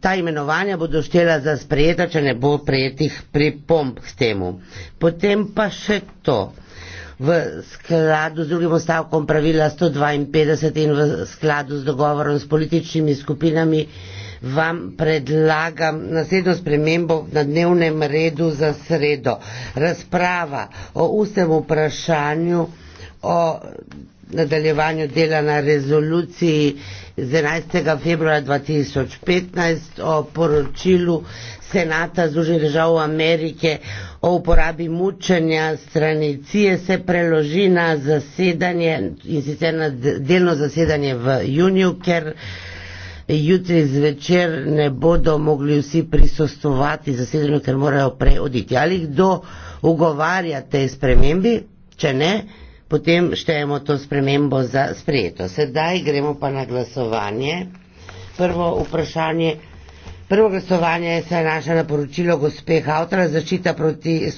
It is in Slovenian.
ta imenovanja bodo štela za sprejeta, če ne bo prijetih pripomb k temu. Potem pa še to. V skladu z drugim ostavkom pravila 152 in v skladu z dogovorom s političnimi skupinami vam predlagam naslednjo spremembo na dnevnem redu za sredo. Razprava o ustem vprašanju o nadaljevanju dela na rezoluciji z 11. februarja 2015 o poročilu Senata Združenih držav Amerike o uporabi mučenja strani CIE se preloži na zasedanje in sicer na delno zasedanje v juniju, ker jutri zvečer ne bodo mogli vsi prisostovati zasedanju, ker morajo prej oditi. Ali kdo ugovarja te spremembi? Če ne, potem štejemo to spremembo za sprejeto. Sedaj gremo pa na glasovanje. Prvo vprašanje, prvo glasovanje se je naša na poročilo gospe Hautra, zaščita proti.